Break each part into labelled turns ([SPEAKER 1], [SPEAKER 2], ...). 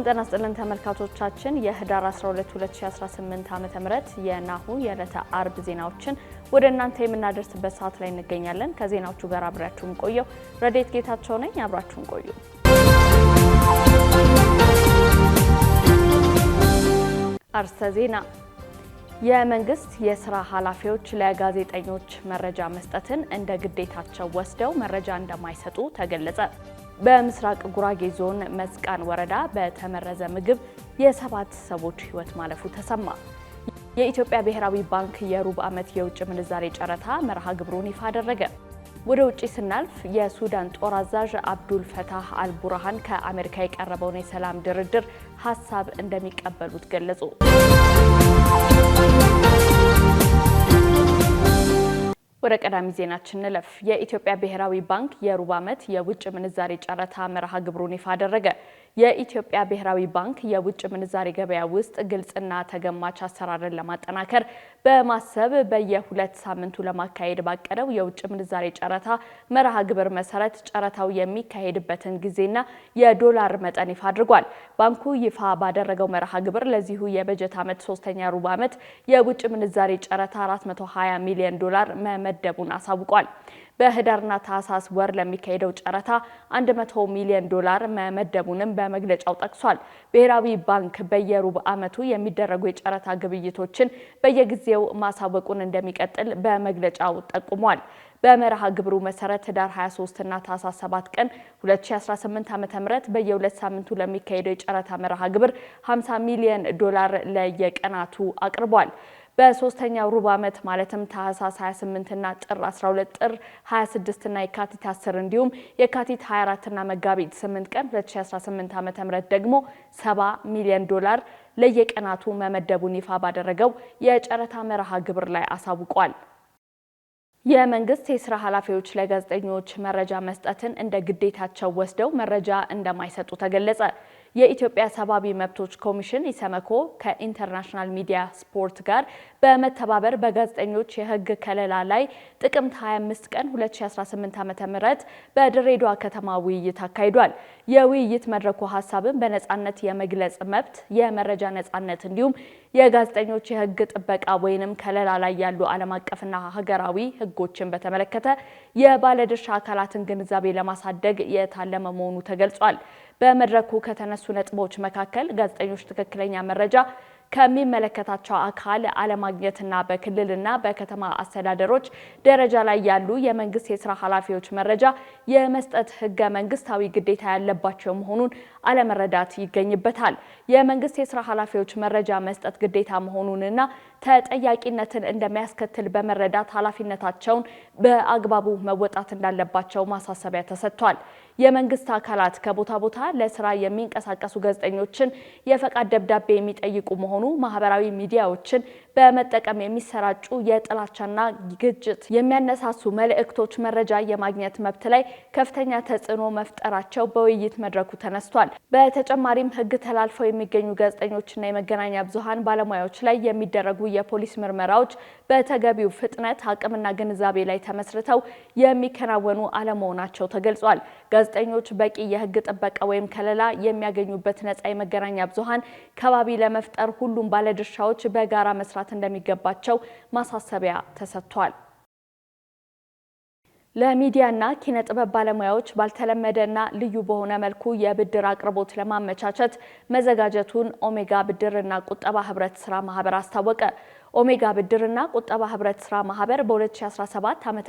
[SPEAKER 1] ሰላም ጤና ይስጥልን ተመልካቾቻችን፣ የህዳር 12 2018 ም የናሁ የዕለተ አርብ ዜናዎችን ወደ እናንተ የምናደርስበት ሰዓት ላይ እንገኛለን። ከዜናዎቹ ጋር አብራችሁን ቆየው። ረዴት ጌታቸው ነኝ። አብራችሁን ቆዩ። አርስተ ዜና የመንግስት የስራ ኃላፊዎች ለጋዜጠኞች መረጃ መስጠትን እንደ ግዴታቸው ወስደው መረጃ እንደማይሰጡ ተገለጸ። በምስራቅ ጉራጌ ዞን መስቃን ወረዳ በተመረዘ ምግብ የሰባት ሰዎች ሕይወት ማለፉ ተሰማ። የኢትዮጵያ ብሔራዊ ባንክ የሩብ ዓመት የውጭ ምንዛሬ ጨረታ መርሃ ግብሩን ይፋ አደረገ። ወደ ውጭ ስናልፍ የሱዳን ጦር አዛዥ አብዱል ፈታህ አልቡርሃን ከአሜሪካ የቀረበውን የሰላም ድርድር ሀሳብ እንደሚቀበሉት ገለጹ። ወደ ቀዳሚ ዜናችን እንለፍ። የኢትዮጵያ ብሔራዊ ባንክ የሩብ ዓመት የውጭ ምንዛሬ ጨረታ መርሃ ግብሩን ይፋ አደረገ። የኢትዮጵያ ብሔራዊ ባንክ የውጭ ምንዛሬ ገበያ ውስጥ ግልጽና ተገማች አሰራርን ለማጠናከር በማሰብ በየሁለት ሳምንቱ ለማካሄድ ባቀደው የውጭ ምንዛሬ ጨረታ መርሃ ግብር መሰረት ጨረታው የሚካሄድበትን ጊዜና የዶላር መጠን ይፋ አድርጓል። ባንኩ ይፋ ባደረገው መርሃ ግብር ለዚሁ የበጀት ዓመት ሶስተኛ ሩብ ዓመት የውጭ ምንዛሬ ጨረታ 420 ሚሊዮን ዶላር መመደቡን አሳውቋል። በህዳርና ታህሳስ ወር ለሚካሄደው ጨረታ 100 ሚሊዮን ዶላር መመደቡንም በመግለጫው ጠቅሷል። ብሔራዊ ባንክ በየሩብ ዓመቱ የሚደረጉ የጨረታ ግብይቶችን በየጊዜው ማሳወቁን እንደሚቀጥል በመግለጫው ጠቁሟል። በመርሃ ግብሩ መሰረት ህዳር 23 እና ታህሳስ 7 ቀን 2018 ዓ.ም በየሁለት ሳምንቱ ለሚካሄደው የጨረታ መርሃ ግብር 50 ሚሊዮን ዶላር ለየቀናቱ አቅርቧል። በሶስተኛው ሩብ ዓመት ማለትም ታህሳስ 28ና ጥር 12 ጥር 26ና የካቲት 10 እንዲሁም የካቲት 24ና መጋቢት 8 ቀን 2018 ዓ ም ደግሞ 70 ሚሊዮን ዶላር ለየቀናቱ መመደቡን ይፋ ባደረገው የጨረታ መርሃ ግብር ላይ አሳውቋል። የመንግስት የስራ ኃላፊዎች ለጋዜጠኞች መረጃ መስጠትን እንደ ግዴታቸው ወስደው መረጃ እንደማይሰጡ ተገለጸ። የኢትዮጵያ ሰብአዊ መብቶች ኮሚሽን ኢሰመኮ ከኢንተርናሽናል ሚዲያ ስፖርት ጋር በመተባበር በጋዜጠኞች የሕግ ከለላ ላይ ጥቅምት 25 ቀን 2018 ዓ.ም በድሬዳዋ ከተማ ውይይት አካሂዷል። የውይይት መድረኩ ሀሳብን በነፃነት የመግለጽ መብት፣ የመረጃ ነፃነት እንዲሁም የጋዜጠኞች የሕግ ጥበቃ ወይንም ከለላ ላይ ያሉ ዓለም አቀፍና ሀገራዊ ሕጎችን በተመለከተ የባለድርሻ አካላትን ግንዛቤ ለማሳደግ የታለመ መሆኑ ተገልጿል። በመድረኩ ከተነሱ ነጥቦች መካከል ጋዜጠኞች ትክክለኛ መረጃ ከሚመለከታቸው አካል አለማግኘትና በክልልና በከተማ አስተዳደሮች ደረጃ ላይ ያሉ የመንግስት የስራ ኃላፊዎች መረጃ የመስጠት ህገ መንግስታዊ ግዴታ ያለባቸው መሆኑን አለመረዳት ይገኝበታል። የመንግስት የስራ ኃላፊዎች መረጃ መስጠት ግዴታ መሆኑንና ተጠያቂነትን እንደሚያስከትል በመረዳት ኃላፊነታቸውን በአግባቡ መወጣት እንዳለባቸው ማሳሰቢያ ተሰጥቷል። የመንግስት አካላት ከቦታ ቦታ ለስራ የሚንቀሳቀሱ ጋዜጠኞችን የፈቃድ ደብዳቤ የሚጠይቁ መሆኑ ማህበራዊ ሚዲያዎችን በመጠቀም የሚሰራጩ የጥላቻና ግጭት የሚያነሳሱ መልእክቶች መረጃ የማግኘት መብት ላይ ከፍተኛ ተጽዕኖ መፍጠራቸው በውይይት መድረኩ ተነስቷል። በተጨማሪም ሕግ ተላልፈው የሚገኙ ጋዜጠኞችና የመገናኛ ብዙሃን ባለሙያዎች ላይ የሚደረጉ የፖሊስ ምርመራዎች በተገቢው ፍጥነት አቅምና ግንዛቤ ላይ ተመስርተው የሚከናወኑ አለመሆናቸው ተገልጿል። ጋዜጠኞች በቂ የሕግ ጥበቃ ወይም ከለላ የሚያገኙበት ነጻ የመገናኛ ብዙሃን ከባቢ ለመፍጠር ሁሉም ባለድርሻዎች በጋራ መስራት መስራት እንደሚገባቸው ማሳሰቢያ ተሰጥቷል። ለሚዲያና ኪነ ጥበብ ባለሙያዎች ባልተለመደና ልዩ በሆነ መልኩ የብድር አቅርቦት ለማመቻቸት መዘጋጀቱን ኦሜጋ ብድርና ቁጠባ ህብረት ስራ ማህበር አስታወቀ። ኦሜጋ ብድርና ቁጠባ ህብረት ስራ ማህበር በ2017 ዓ ም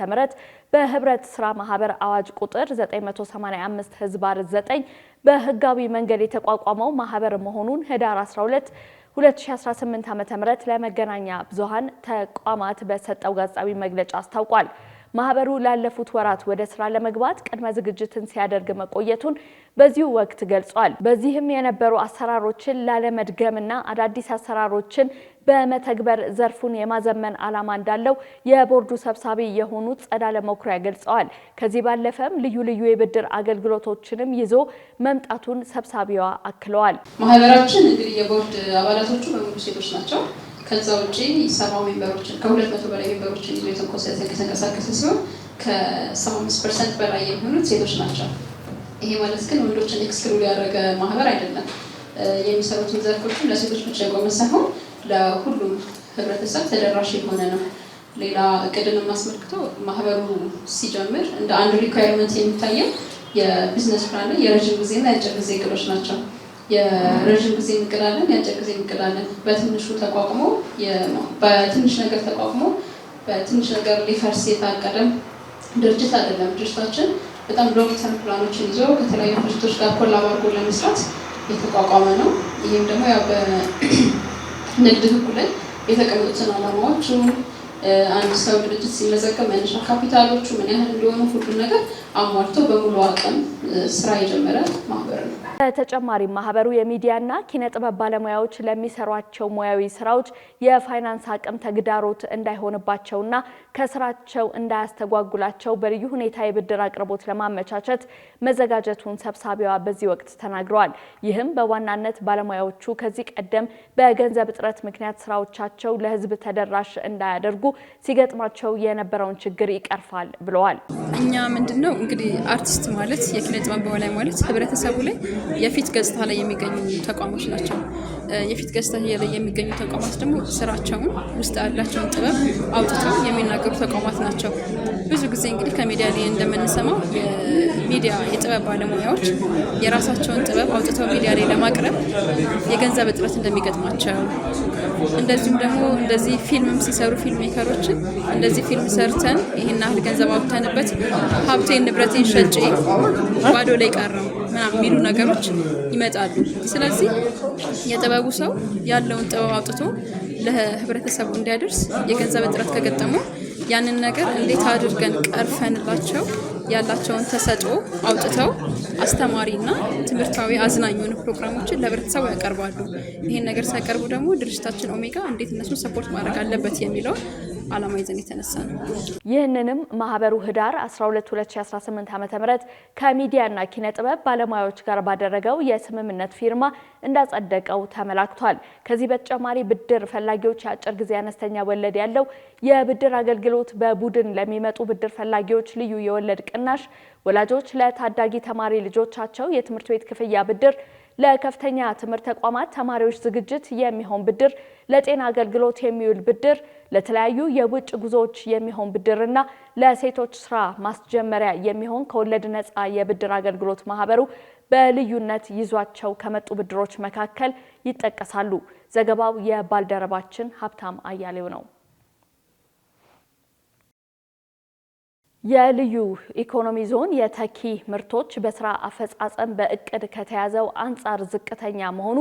[SPEAKER 1] በህብረት ስራ ማህበር አዋጅ ቁጥር 985 ህዝባር 9 በህጋዊ መንገድ የተቋቋመው ማህበር መሆኑን ህዳር 12 2018 ዓ.ም ለመገናኛ ብዙሃን ተቋማት በሰጠው ጋዜጣዊ መግለጫ አስታውቋል። ማህበሩ ላለፉት ወራት ወደ ስራ ለመግባት ቅድመ ዝግጅትን ሲያደርግ መቆየቱን በዚሁ ወቅት ገልጿል። በዚህም የነበሩ አሰራሮችን ላለመድገምና አዳዲስ አሰራሮችን በመተግበር ዘርፉን የማዘመን ዓላማ እንዳለው የቦርዱ ሰብሳቢ የሆኑት ጸዳለ መኩሪያ ገልጸዋል። ከዚህ ባለፈም ልዩ ልዩ የብድር አገልግሎቶችንም ይዞ መምጣቱን ሰብሳቢዋ አክለዋል።
[SPEAKER 2] ማህበራችን እንግዲህ የቦርድ አባላቶቹ በሙሉ ሴቶች ናቸው። ከዛ ውጭ ሰባ ሜምበሮችን ከሁለት መቶ በላይ ሜምበሮችን ይዞ የተንኮሰት የተንቀሳቀሰ ሲሆን ከሰባ አምስት ፐርሰንት በላይ የሚሆኑት ሴቶች ናቸው። ይሄ ማለት ግን ወንዶችን ኤክስክሉድ ያደረገ ማህበር አይደለም። የሚሰሩትን ዘርፎችም ለሴቶች ብቻ የቆመ ሳይሆን ለሁሉም ህብረተሰብ ተደራሽ የሆነ ነው። ሌላ እቅድን አስመልክቶ ማህበሩ ሲጀምር እንደ አንድ ሪኳየርመንት የሚታየው የቢዝነስ ፕላን የረዥም ጊዜና የአጭር ጊዜ እቅዶች ናቸው። የረዥም ጊዜ ንቅላለን የአጭር ጊዜ ንቅላለን በትንሹ ተቋቁሞ በትንሽ ነገር ተቋቁሞ በትንሽ ነገር ሊፈርስ የታቀደም ድርጅት አይደለም። ድርጅታችን በጣም ሎንግ ተርም ፕላኖችን ይዞ ከተለያዩ ድርጅቶች ጋር ኮላብ አድርጎ ለመስራት የተቋቋመ ነው። ይህም ደግሞ ያው በንግድ ህጉ ላይ የተቀመጡትን አላማዎቹ አንድ ሰው ድርጅት ሲመዘገብ መነሻ ካፒታሎቹ ምን ያህል እንደሆኑ ሁሉን ነገር አሟልቶ በሙሉ አቅም ስራ የጀመረ ማህበር ነው።
[SPEAKER 1] በተጨማሪም ማህበሩ የሚዲያና ኪነ ጥበብ ባለሙያዎች ለሚሰሯቸው ሙያዊ ስራዎች የፋይናንስ አቅም ተግዳሮት እንዳይሆንባቸውና ከስራቸው እንዳያስተጓጉላቸው በልዩ ሁኔታ የብድር አቅርቦት ለማመቻቸት መዘጋጀቱን ሰብሳቢዋ በዚህ ወቅት ተናግረዋል። ይህም በዋናነት ባለሙያዎቹ ከዚህ ቀደም በገንዘብ እጥረት ምክንያት ስራዎቻቸው ለሕዝብ ተደራሽ እንዳያደርጉ ሲገጥማቸው የነበረውን ችግር ይቀርፋል ብለዋል።
[SPEAKER 2] እኛ ምንድን ነው እንግዲህ አርቲስት ማለት የኪነ ጥበብ ባለሙያ ማለት ህብረተሰቡ ላይ የፊት ገጽታ ላይ የሚገኙ ተቋሞች ናቸው። የፊት ገጽታ ላይ የሚገኙ ተቋማት ደግሞ ስራቸውን ውስጥ ያላቸውን ጥበብ አውጥተው የሚናገሩ ተቋማት ናቸው። ብዙ ጊዜ እንግዲህ ከሚዲያ ላይ እንደምንሰማው ሚዲያ የጥበብ ባለሙያዎች የራሳቸውን ጥበብ አውጥተው ሚዲያ ላይ ለማቅረብ የገንዘብ እጥረት እንደሚገጥማቸው እንደዚሁም ደግሞ እንደዚህ ፊልምም ሲሰሩ ፊልም ሜከሮችን እንደዚህ ፊልም ሰርተን ይህን ያህል ገንዘብ አውጥተንበት ሀብቴን ንብረቴን ሸጬ ባዶ ላይ ቀረው ምናምን የሚሉ ነገሮች ይመጣሉ። ስለዚህ የጥበቡ ሰው ያለውን ጥበብ አውጥቶ ለህብረተሰቡ እንዲያደርስ የገንዘብ እጥረት ከገጠመው ያንን ነገር እንዴት አድርገን ቀርፈንላቸው ያላቸውን ተሰጦ አውጥተው አስተማሪና ትምህርታዊ አዝናኝ የሆኑ ፕሮግራሞችን ለህብረተሰቡ ያቀርባሉ። ይህን ነገር ሲያቀርቡ ደግሞ ድርጅታችን ኦሜጋ እንዴት እነሱን ሰፖርት ማድረግ አለበት የሚለውን አላማ ይዘን የተነሳ ነው።
[SPEAKER 1] ይህንንም ማህበሩ ህዳር 12 2018 ዓ.ም ከሚዲያና ኪነ ጥበብ ባለሙያዎች ጋር ባደረገው የስምምነት ፊርማ እንዳጸደቀው ተመላክቷል። ከዚህ በተጨማሪ ብድር ፈላጊዎች የአጭር ጊዜ አነስተኛ ወለድ ያለው የብድር አገልግሎት በቡድን ለሚመጡ ብድር ፈላጊዎች ልዩ የወለድ ቅናሽ፣ ወላጆች ለታዳጊ ተማሪ ልጆቻቸው የትምህርት ቤት ክፍያ ብድር ለከፍተኛ ትምህርት ተቋማት ተማሪዎች ዝግጅት የሚሆን ብድር፣ ለጤና አገልግሎት የሚውል ብድር፣ ለተለያዩ የውጭ ጉዞዎች የሚሆን ብድርና ለሴቶች ስራ ማስጀመሪያ የሚሆን ከወለድ ነፃ የብድር አገልግሎት ማህበሩ በልዩነት ይዟቸው ከመጡ ብድሮች መካከል ይጠቀሳሉ። ዘገባው የባልደረባችን ሀብታም አያሌው ነው። የልዩ ኢኮኖሚ ዞን የተኪ ምርቶች በስራ አፈጻጸም በእቅድ ከተያዘው አንጻር ዝቅተኛ መሆኑ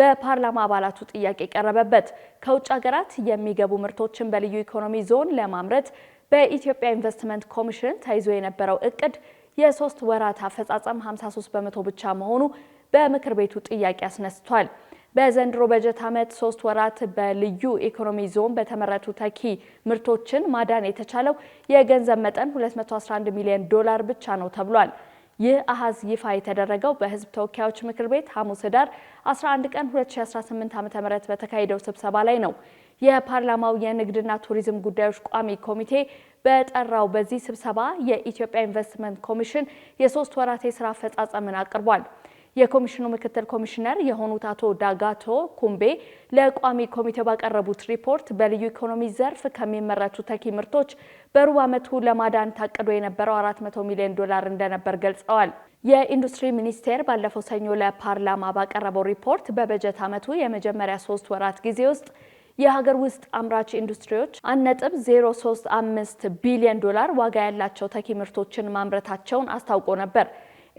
[SPEAKER 1] በፓርላማ አባላቱ ጥያቄ ቀረበበት። ከውጭ ሀገራት የሚገቡ ምርቶችን በልዩ ኢኮኖሚ ዞን ለማምረት በኢትዮጵያ ኢንቨስትመንት ኮሚሽን ተይዞ የነበረው እቅድ የሶስት ወራት አፈጻጸም 53 በመቶ ብቻ መሆኑ በምክር ቤቱ ጥያቄ አስነስቷል። በዘንድሮ በጀት ዓመት ሶስት ወራት በልዩ ኢኮኖሚ ዞን በተመረቱ ተኪ ምርቶችን ማዳን የተቻለው የገንዘብ መጠን 211 ሚሊዮን ዶላር ብቻ ነው ተብሏል። ይህ አሃዝ ይፋ የተደረገው በህዝብ ተወካዮች ምክር ቤት ሐሙስ ህዳር 11 ቀን 2018 ዓ.ም በተካሄደው ስብሰባ ላይ ነው። የፓርላማው የንግድና ቱሪዝም ጉዳዮች ቋሚ ኮሚቴ በጠራው በዚህ ስብሰባ የኢትዮጵያ ኢንቨስትመንት ኮሚሽን የሶስት ወራት የስራ አፈጻጸምን አቅርቧል። የኮሚሽኑ ምክትል ኮሚሽነር የሆኑት አቶ ዳጋቶ ኩምቤ ለቋሚ ኮሚቴው ባቀረቡት ሪፖርት በልዩ ኢኮኖሚ ዘርፍ ከሚመረቱ ተኪ ምርቶች በሩብ ዓመቱ ለማዳን ታቅዶ የነበረው 400 ሚሊዮን ዶላር እንደነበር ገልጸዋል። የኢንዱስትሪ ሚኒስቴር ባለፈው ሰኞ ለፓርላማ ባቀረበው ሪፖርት በበጀት ዓመቱ የመጀመሪያ ሶስት ወራት ጊዜ ውስጥ የሀገር ውስጥ አምራች ኢንዱስትሪዎች 1.035 ቢሊዮን ዶላር ዋጋ ያላቸው ተኪ ምርቶችን ማምረታቸውን አስታውቆ ነበር።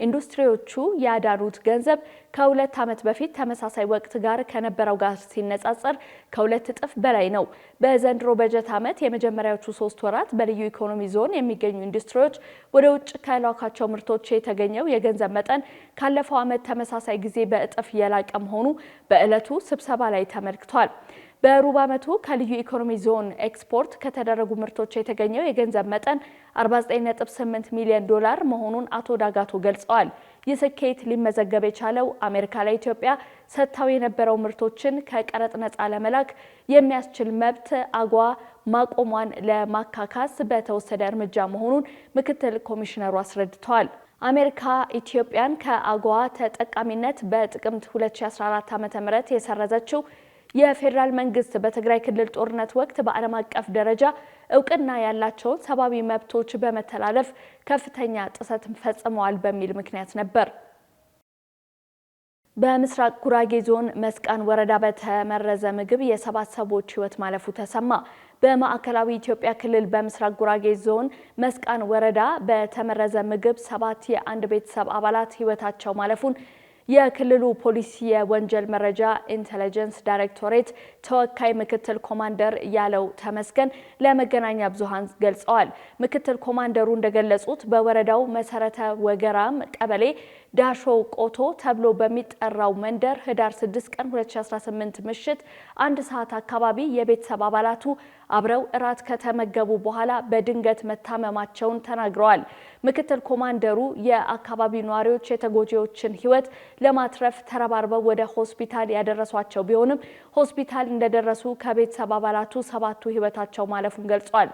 [SPEAKER 1] ኢንዱስትሪዎቹ ያዳሩት ገንዘብ ከሁለት ዓመት በፊት ተመሳሳይ ወቅት ጋር ከነበረው ጋር ሲነጻጸር ከሁለት እጥፍ በላይ ነው። በዘንድሮ በጀት ዓመት የመጀመሪያዎቹ ሶስት ወራት በልዩ ኢኮኖሚ ዞን የሚገኙ ኢንዱስትሪዎች ወደ ውጭ ከላኳቸው ምርቶች የተገኘው የገንዘብ መጠን ካለፈው ዓመት ተመሳሳይ ጊዜ በእጥፍ የላቀ መሆኑ በዕለቱ ስብሰባ ላይ ተመልክቷል። በሩብ ዓመቱ ከልዩ ኢኮኖሚ ዞን ኤክስፖርት ከተደረጉ ምርቶች የተገኘው የገንዘብ መጠን 49.8 ሚሊዮን ዶላር መሆኑን አቶ ዳጋቶ ገልጸዋል። ይህ ስኬት ሊመዘገብ የቻለው አሜሪካ ለኢትዮጵያ ሰጥታው የነበረው ምርቶችን ከቀረጥ ነፃ ለመላክ የሚያስችል መብት አጓ ማቆሟን ለማካካስ በተወሰደ እርምጃ መሆኑን ምክትል ኮሚሽነሩ አስረድተዋል። አሜሪካ ኢትዮጵያን ከአጓ ተጠቃሚነት በጥቅምት 2014 ዓ.ም የሰረዘችው የፌዴራል መንግስት በትግራይ ክልል ጦርነት ወቅት በዓለም አቀፍ ደረጃ እውቅና ያላቸውን ሰብአዊ መብቶች በመተላለፍ ከፍተኛ ጥሰት ፈጽመዋል በሚል ምክንያት ነበር። በምስራቅ ጉራጌ ዞን መስቃን ወረዳ በተመረዘ ምግብ የሰባት ሰዎች ህይወት ማለፉ ተሰማ። በማዕከላዊ ኢትዮጵያ ክልል በምስራቅ ጉራጌ ዞን መስቃን ወረዳ በተመረዘ ምግብ ሰባት የአንድ ቤተሰብ አባላት ህይወታቸው ማለፉን የክልሉ ፖሊስ የወንጀል መረጃ ኢንተለጀንስ ዳይሬክቶሬት ተወካይ ምክትል ኮማንደር ያለው ተመስገን ለመገናኛ ብዙሃን ገልጸዋል። ምክትል ኮማንደሩ እንደገለጹት በወረዳው መሰረተ ወገራም ቀበሌ ዳሾ ቆቶ ተብሎ በሚጠራው መንደር ህዳር 6 ቀን 2018 ምሽት አንድ ሰዓት አካባቢ የቤተሰብ አባላቱ አብረው እራት ከተመገቡ በኋላ በድንገት መታመማቸውን ተናግረዋል። ምክትል ኮማንደሩ የአካባቢ ነዋሪዎች የተጎጂዎችን ሕይወት ለማትረፍ ተረባርበው ወደ ሆስፒታል ያደረሷቸው ቢሆንም ሆስፒታል እንደደረሱ ከቤተሰብ አባላቱ ሰባቱ ህይወታቸው ማለፉን ገልጿል።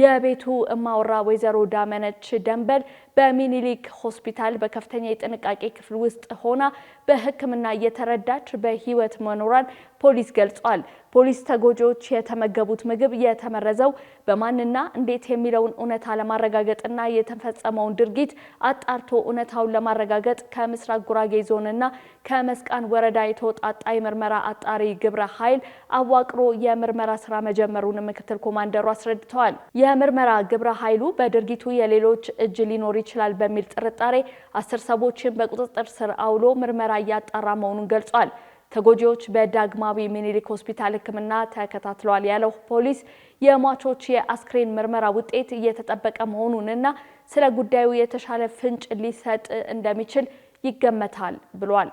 [SPEAKER 1] የቤቱ እማወራ ወይዘሮ ዳመነች ደንበል በሚኒሊክ ሆስፒታል በከፍተኛ የጥንቃቄ ክፍል ውስጥ ሆና በሕክምና እየተረዳች በህይወት መኖሯን ፖሊስ ገልጿል። ፖሊስ ተጎጂዎች የተመገቡት ምግብ የተመረዘው በማንና እንዴት የሚለውን እውነታ ለማረጋገጥና የተፈጸመውን ድርጊት አጣርቶ እውነታውን ለማረጋገጥ ከምስራቅ ጉራጌ ዞንና ከመስቃን ወረዳ የተወጣጣ የምርመራ አጣሪ ግብረ ኃይል አዋቅሮ የምርመራ ስራ መጀመሩን ምክትል ኮማንደሩ አስረድተዋል። የምርመራ ግብረ ኃይሉ በድርጊቱ የሌሎች እጅ ሊኖር ይችላል በሚል ጥርጣሬ አስር ሰዎችን በቁጥጥር ስር አውሎ ምርመራ እያጣራ መሆኑን ገልጿል። ተጎጂዎች በዳግማዊ ሚኒሊክ ሆስፒታል ሕክምና ተከታትለዋል ያለው ፖሊስ የሟቾች የአስክሬን ምርመራ ውጤት እየተጠበቀ መሆኑንና ስለ ጉዳዩ የተሻለ ፍንጭ ሊሰጥ እንደሚችል ይገመታል ብሏል።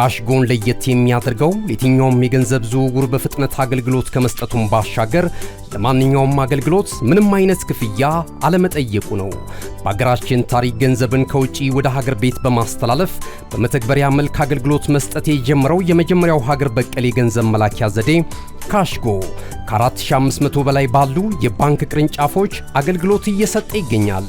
[SPEAKER 3] ካሽጎን ለየት የሚያደርገው የትኛውም የገንዘብ ዝውውር በፍጥነት አገልግሎት ከመስጠቱን ባሻገር ለማንኛውም አገልግሎት ምንም አይነት ክፍያ አለመጠየቁ ነው። በሀገራችን ታሪክ ገንዘብን ከውጪ ወደ ሀገር ቤት በማስተላለፍ በመተግበሪያ መልክ አገልግሎት መስጠት የጀመረው የመጀመሪያው ሀገር በቀል የገንዘብ መላኪያ ዘዴ ካሽጎ ከ4500 በላይ ባሉ የባንክ ቅርንጫፎች አገልግሎት እየሰጠ ይገኛል።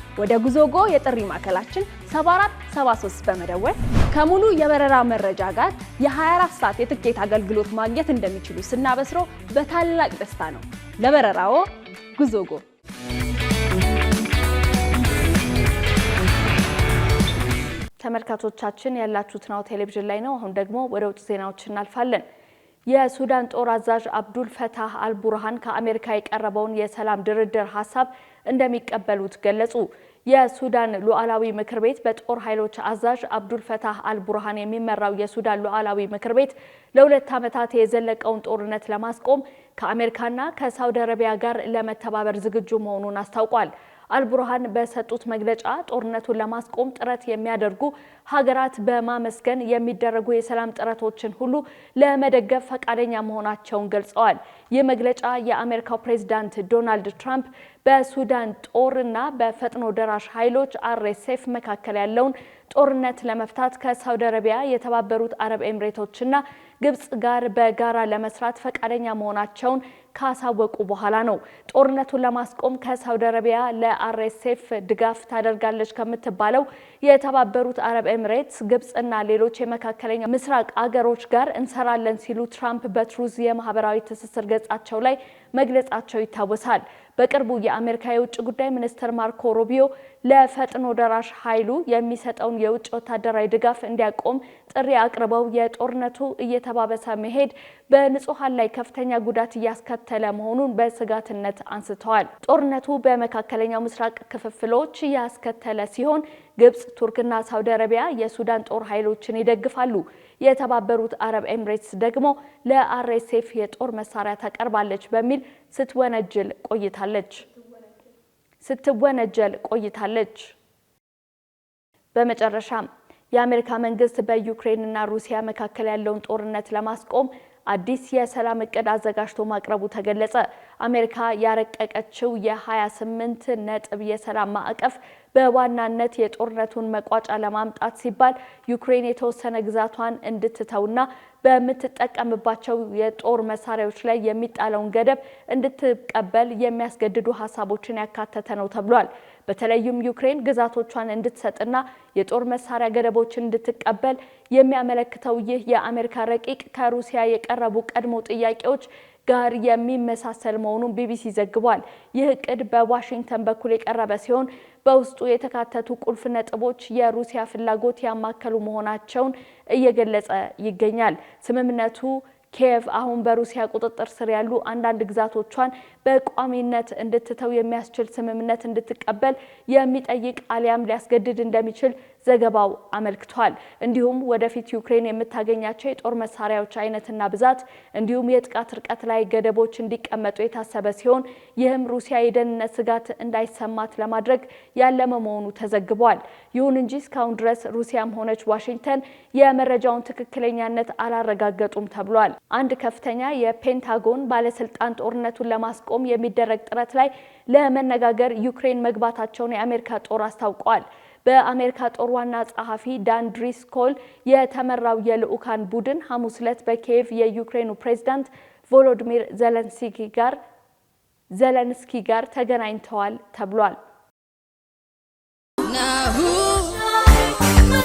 [SPEAKER 1] ወደ ጉዞጎ የጥሪ ማዕከላችን 7473 በመደወል ከሙሉ የበረራ መረጃ ጋር የ24 ሰዓት የትኬት አገልግሎት ማግኘት እንደሚችሉ ስናበስሮ በታላቅ ደስታ ነው። ለበረራዎ ጉዞጎ። ተመልካቾቻችን ያላችሁት ናሁ ቴሌቪዥን ላይ ነው። አሁን ደግሞ ወደ ውጭ ዜናዎች እናልፋለን። የሱዳን ጦር አዛዥ አብዱል ፈታህ አልቡርሃን ከአሜሪካ የቀረበውን የሰላም ድርድር ሀሳብ እንደሚቀበሉት ገለጹ። የሱዳን ሉዓላዊ ምክር ቤት በጦር ኃይሎች አዛዥ አብዱል ፈታህ አልቡርሃን የሚመራው የሱዳን ሉዓላዊ ምክር ቤት ለሁለት ዓመታት የዘለቀውን ጦርነት ለማስቆም ከአሜሪካና ከሳውዲ አረቢያ ጋር ለመተባበር ዝግጁ መሆኑን አስታውቋል። አልቡርሃን በሰጡት መግለጫ ጦርነቱን ለማስቆም ጥረት የሚያደርጉ ሀገራት በማመስገን የሚደረጉ የሰላም ጥረቶችን ሁሉ ለመደገፍ ፈቃደኛ መሆናቸውን ገልጸዋል። ይህ መግለጫ የአሜሪካው ፕሬዚዳንት ዶናልድ ትራምፕ በሱዳን ጦርና በፈጥኖ ደራሽ ኃይሎች አርኤስኤፍ መካከል ያለውን ጦርነት ለመፍታት ከሳውዲ አረቢያ፣ የተባበሩት አረብ ኤምሬቶችና ግብጽ ጋር በጋራ ለመስራት ፈቃደኛ መሆናቸውን ካሳወቁ በኋላ ነው። ጦርነቱን ለማስቆም ከሳውዲ አረቢያ ለአርኤስኤፍ ድጋፍ ታደርጋለች ከምትባለው የተባበሩት አረብ ኤምሬትስ፣ ግብፅና ሌሎች የመካከለኛ ምስራቅ አገሮች ጋር እንሰራለን ሲሉ ትራምፕ በትሩዝ የማህበራዊ ትስስር ገጻቸው ላይ መግለጻቸው ይታወሳል። በቅርቡ የአሜሪካ የውጭ ጉዳይ ሚኒስትር ማርኮ ሮቢዮ ለፈጥኖ ደራሽ ኃይሉ የሚሰጠውን የውጭ ወታደራዊ ድጋፍ እንዲያቆም ጥሪ አቅርበው የጦርነቱ እየተባበሰ መሄድ በንጹሐን ላይ ከፍተኛ ጉዳት እያስከተለ መሆኑን በስጋትነት አንስተዋል። ጦርነቱ በመካከለኛው ምስራቅ ክፍፍሎች እያስከተለ ሲሆን ግብጽ፣ ቱርክና ሳውዲ አረቢያ የሱዳን ጦር ኃይሎችን ይደግፋሉ። የተባበሩት አረብ ኤምሬትስ ደግሞ ለአርኤስኤፍ የጦር መሳሪያ ታቀርባለች በሚል ስትወነጅል ቆይታለች ስትወነጀል ቆይታለች። በመጨረሻም የአሜሪካ መንግስት በዩክሬንና ሩሲያ መካከል ያለውን ጦርነት ለማስቆም አዲስ የሰላም እቅድ አዘጋጅቶ ማቅረቡ ተገለጸ። አሜሪካ ያረቀቀችው የ28 ነጥብ የሰላም ማዕቀፍ በዋናነት የጦርነቱን መቋጫ ለማምጣት ሲባል ዩክሬን የተወሰነ ግዛቷን እንድትተውና በምትጠቀምባቸው የጦር መሳሪያዎች ላይ የሚጣለውን ገደብ እንድትቀበል የሚያስገድዱ ሀሳቦችን ያካተተ ነው ተብሏል። በተለይም ዩክሬን ግዛቶቿን እንድትሰጥና የጦር መሳሪያ ገደቦችን እንድትቀበል የሚያመለክተው ይህ የአሜሪካ ረቂቅ ከሩሲያ የቀረቡ ቀድሞ ጥያቄዎች ጋር የሚመሳሰል መሆኑን ቢቢሲ ዘግቧል። ይህ እቅድ በዋሽንግተን በኩል የቀረበ ሲሆን በውስጡ የተካተቱ ቁልፍ ነጥቦች የሩሲያ ፍላጎት ያማከሉ መሆናቸውን እየገለጸ ይገኛል። ስምምነቱ ኪየቭ አሁን በሩሲያ ቁጥጥር ስር ያሉ አንዳንድ ግዛቶቿን በቋሚነት እንድትተው የሚያስችል ስምምነት እንድትቀበል የሚጠይቅ አሊያም ሊያስገድድ እንደሚችል ዘገባው አመልክቷል። እንዲሁም ወደፊት ዩክሬን የምታገኛቸው የጦር መሳሪያዎች አይነትና ብዛት እንዲሁም የጥቃት ርቀት ላይ ገደቦች እንዲቀመጡ የታሰበ ሲሆን ይህም ሩሲያ የደህንነት ስጋት እንዳይሰማት ለማድረግ ያለመ መሆኑ ተዘግቧል። ይሁን እንጂ እስካሁን ድረስ ሩሲያም ሆነች ዋሽንግተን የመረጃውን ትክክለኛነት አላረጋገጡም ተብሏል። አንድ ከፍተኛ የፔንታጎን ባለስልጣን ጦርነቱን ለማስቆም የሚደረግ ጥረት ላይ ለመነጋገር ዩክሬን መግባታቸውን የአሜሪካ ጦር አስታውቋል። በአሜሪካ ጦር ዋና ጸሐፊ ዳን ድሪስኮል የተመራው የልዑካን ቡድን ሐሙስ ዕለት በኪየቭ የዩክሬኑ ፕሬዝዳንት ቮሎዲሚር ዘለንስኪ ጋር ዘለንስኪ ጋር ተገናኝተዋል ተብሏል።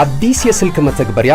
[SPEAKER 3] አዲስ የስልክ መተግበሪያ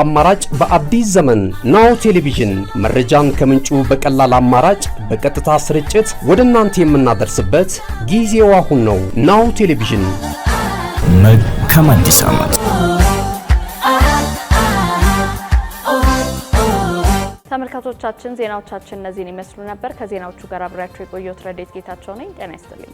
[SPEAKER 3] አማራጭ በአዲስ ዘመን ናሁ ቴሌቪዥን መረጃን ከምንጩ በቀላል አማራጭ በቀጥታ ስርጭት ወደ እናንተ የምናደርስበት ጊዜው አሁን ነው። ናሁ ቴሌቪዥን መልካም አዲስ ዓመት። ተመልካቾቻችን ዜናዎቻችን እነዚህን ይመስሉ ነበር። ከዜናዎቹ ጋር አብሬያቸው የቆየሁት ረዴት ጌታቸው ነኝ። ጤና ይስጥልኝ።